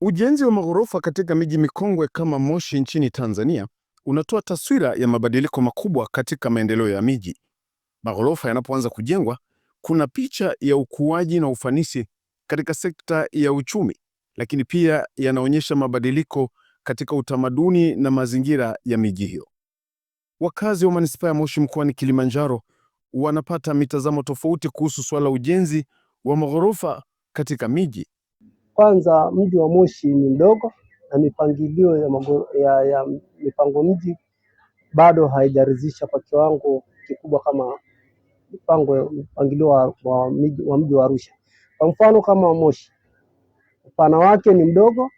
Ujenzi wa maghorofa katika miji mikongwe kama Moshi nchini Tanzania unatoa taswira ya mabadiliko makubwa katika maendeleo ya miji. Maghorofa yanapoanza kujengwa, kuna picha ya ukuaji na ufanisi katika sekta ya uchumi, lakini pia yanaonyesha mabadiliko katika utamaduni na mazingira ya miji hiyo. Wakazi wa manispaa ya Moshi mkoani Kilimanjaro wanapata mitazamo tofauti kuhusu swala ujenzi wa maghorofa katika miji. Kwanza mji wa Moshi ni mdogo na mipangilio ya, mago, ya, ya mipango mji bado haijaridhisha kwa kiwango kikubwa kama mpango mpangilio wa, wa, wa mji wa Arusha. Kwa mfano kama Moshi, upana wake ni mdogo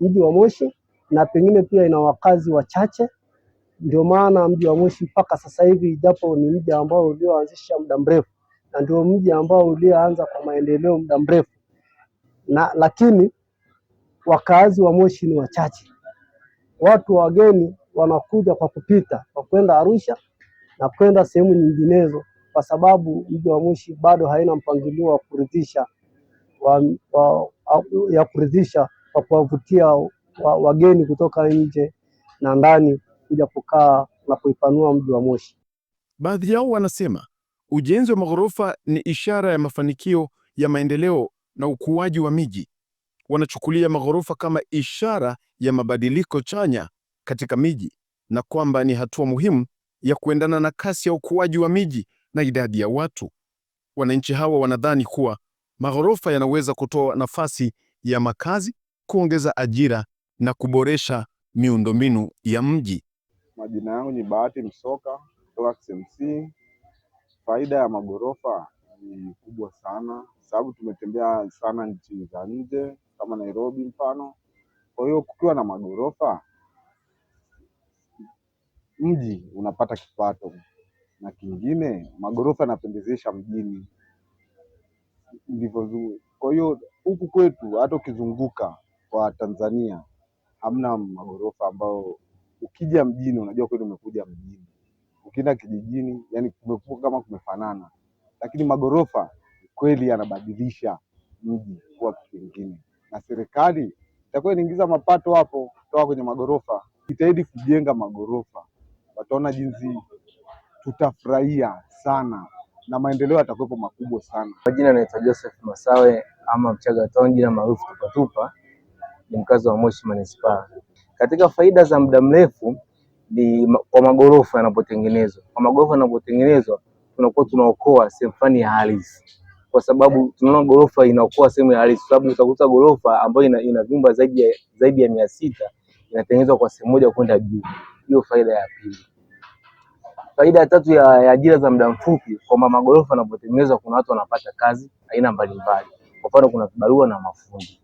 mji wa Moshi, na pengine pia ina wakazi wachache. Ndio maana mji wa Moshi mpaka sasa hivi, japo ni mji ambao ulioanzisha muda mrefu na ndio mji ambao ulioanza kwa maendeleo muda mrefu na lakini wakaazi wa Moshi ni wachache. Watu wageni wanakuja kwa kupita, kwa kwenda Arusha na kwenda sehemu nyinginezo, kwa sababu mji wa Moshi bado haina mpangilio wa kuridhisha wa, wa, ya kuridhisha kwa kuwavutia wa, wageni kutoka nje na ndani kuja kukaa na kuipanua mji wa Moshi. Baadhi yao wanasema ujenzi wa maghorofa ni ishara ya mafanikio ya maendeleo na ukuaji wa miji wanachukulia maghorofa kama ishara ya mabadiliko chanya katika miji na kwamba ni hatua muhimu ya kuendana na kasi ya ukuaji wa miji na idadi ya watu. Wananchi hawa wanadhani kuwa maghorofa yanaweza kutoa nafasi ya makazi, kuongeza ajira na kuboresha miundombinu ya mji. Majina yangu ni Bahati Msoka, kutoka MC. Faida ya maghorofa ni kubwa sana, sababu tumetembea sana nchi za nje kama Nairobi mfano. Kwa hiyo kukiwa na maghorofa, mji unapata kipato, na kingine maghorofa yanapendezesha mjini, ndivyo. Kwa hiyo huku kwetu hata ukizunguka kwa Tanzania hamna maghorofa ambayo ukija mjini unajua kweli umekuja mjini. Ukienda kijijini, yani kumekuwa kama kumefanana lakini maghorofa kweli yanabadilisha mji kuwa kitu kingine, na serikali itakuwa inaingiza mapato hapo kutoka kwenye maghorofa. Jitahidi kujenga maghorofa, wataona jinsi tutafurahia sana na maendeleo yatakuwepo makubwa sana. Kwa jina naitwa Joseph Masawe ama Mchaga Town, jina maarufu Tupatupa, ni mkazi wa Moshi Manispaa. Katika faida za muda mrefu ni kwa maghorofa yanapotengenezwa, kwa maghorofa yanapotengenezwa tunakuwa tunaokoa sehemu fulani ya ardhi, kwa sababu tunaona gorofa inaokoa sehemu ya ardhi, sababu utakuta gorofa ambayo ina, ina vyumba zaidi ya, zaidi ya mia sita inatengenezwa kwa sehemu moja kwenda juu. Hiyo faida ya pili. Faida ya tatu ya, ajira za muda mfupi kwa mama gorofa anapotengenezwa, kuna watu wanapata kazi aina mbalimbali, kwa mfano kuna vibarua na mafundi,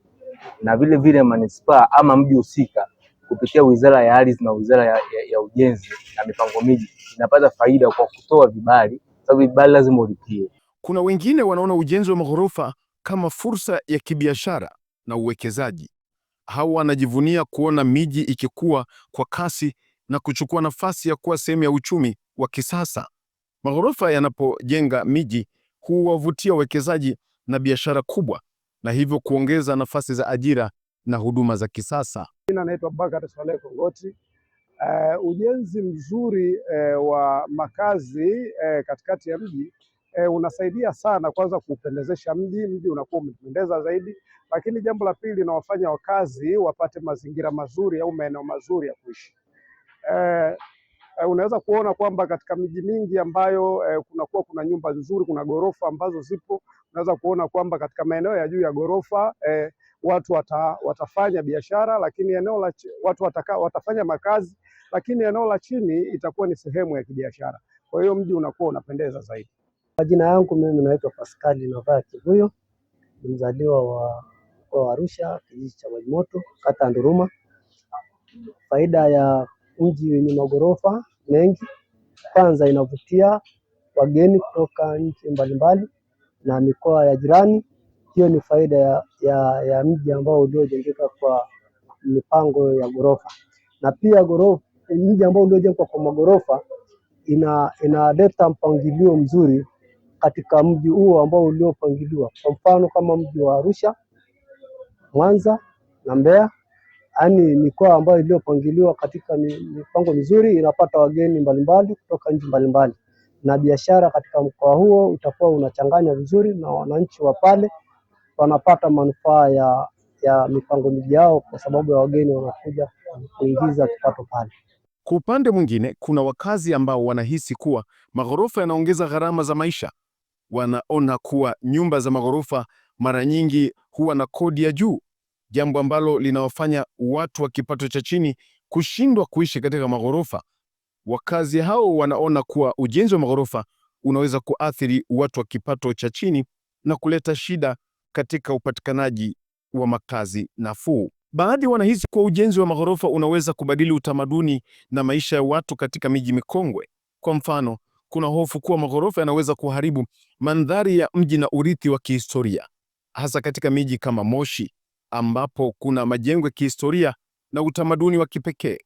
na vile vile manispaa ama mji husika kupitia wizara ya ardhi na wizara ya, ya, ya ujenzi na mipango miji inapata faida kwa kutoa vibali sababu lazima ulipie. Kuna wengine wanaona ujenzi wa maghorofa kama fursa ya kibiashara na uwekezaji. Hawa wanajivunia kuona miji ikikua kwa kasi na kuchukua nafasi ya kuwa sehemu ya uchumi wa kisasa. Maghorofa yanapojenga miji huwavutia wawekezaji na biashara kubwa, na hivyo kuongeza nafasi za ajira na huduma za kisasa. Jina naitwa Bakari Saleh Kongoti, Uh, ujenzi mzuri uh, wa makazi uh, katikati ya mji uh, unasaidia sana kwanza kuupendezesha mji, mji unakuwa umependeza zaidi, lakini jambo la pili linawafanya wakazi wapate mazingira mazuri au maeneo mazuri ya kuishi. Uh, uh, unaweza kuona kwamba katika miji mingi ambayo uh, kunakuwa kuna nyumba nzuri, kuna ghorofa ambazo zipo, unaweza kuona kwamba katika maeneo ya juu ya ghorofa uh, watu wata, watafanya biashara, lakini eneo la watu wataka, watafanya makazi, lakini eneo la chini itakuwa ni sehemu ya kibiashara. Kwa hiyo mji unakuwa unapendeza zaidi. Majina yangu mimi naitwa Paskali Novaya Kivuyo, ni mzaliwa wa mkoa wa Arusha, kijiji cha Majimoto, kata Nduruma. Faida ya mji wenye magorofa mengi, kwanza inavutia wageni kutoka nchi mbalimbali na mikoa ya jirani hiyo ni faida ya mji ambao uliojengeka kwa mipango ya ghorofa na pia mji ambao uliojengwa kwa maghorofa inaleta mpangilio mzuri katika mji huo ambao uliopangiliwa. Kwa mfano kama mji wa Arusha, Mwanza na Mbeya, yaani mikoa ambayo iliyopangiliwa katika mipango mizuri inapata wageni mbalimbali kutoka nchi mbalimbali na biashara katika mkoa huo utakuwa unachanganya vizuri na wananchi wa pale wanapata manufaa ya, ya mipango miji yao kwa sababu ya wageni wanakuja kuingiza kipato pale. Kwa upande mwingine, kuna wakazi ambao wanahisi kuwa maghorofa yanaongeza gharama za maisha. Wanaona kuwa nyumba za maghorofa mara nyingi huwa na kodi ya juu, jambo ambalo linawafanya watu wa kipato cha chini kushindwa kuishi katika maghorofa. Wakazi hao wanaona kuwa ujenzi wa maghorofa unaweza kuathiri watu wa kipato cha chini na kuleta shida katika upatikanaji wa makazi nafuu. Baadhi wanahisi kuwa ujenzi wa maghorofa unaweza kubadili utamaduni na maisha ya watu katika miji mikongwe. Kwa mfano, kuna hofu kuwa maghorofa yanaweza kuharibu mandhari ya mji na urithi wa kihistoria, hasa katika miji kama Moshi ambapo kuna majengo ya kihistoria na utamaduni wa kipekee.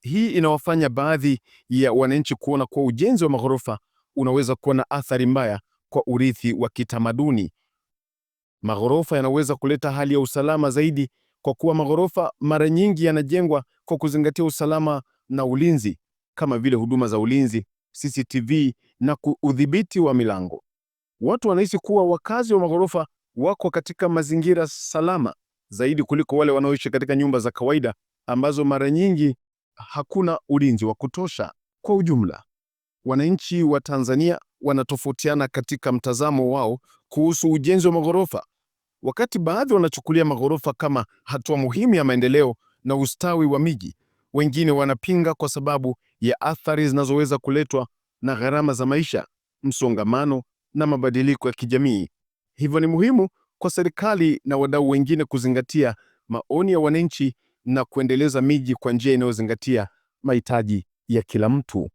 Hii inawafanya baadhi ya wananchi kuona kuwa ujenzi wa maghorofa unaweza kuwa na athari mbaya kwa urithi wa kitamaduni Maghorofa yanaweza kuleta hali ya usalama zaidi kwa kuwa maghorofa mara nyingi yanajengwa kwa kuzingatia usalama na ulinzi kama vile huduma za ulinzi, CCTV na udhibiti wa milango. Watu wanahisi kuwa wakazi wa maghorofa wako katika mazingira salama zaidi kuliko wale wanaoishi katika nyumba za kawaida ambazo mara nyingi hakuna ulinzi wa kutosha. Kwa ujumla, wananchi wa Tanzania wanatofautiana katika mtazamo wao kuhusu ujenzi wa maghorofa. Wakati baadhi wanachukulia maghorofa kama hatua muhimu ya maendeleo na ustawi wa miji, wengine wanapinga kwa sababu ya athari zinazoweza kuletwa na gharama za maisha, msongamano na mabadiliko ya kijamii. Hivyo ni muhimu kwa serikali na wadau wengine kuzingatia maoni ya wananchi na kuendeleza miji kwa njia inayozingatia mahitaji ya kila mtu.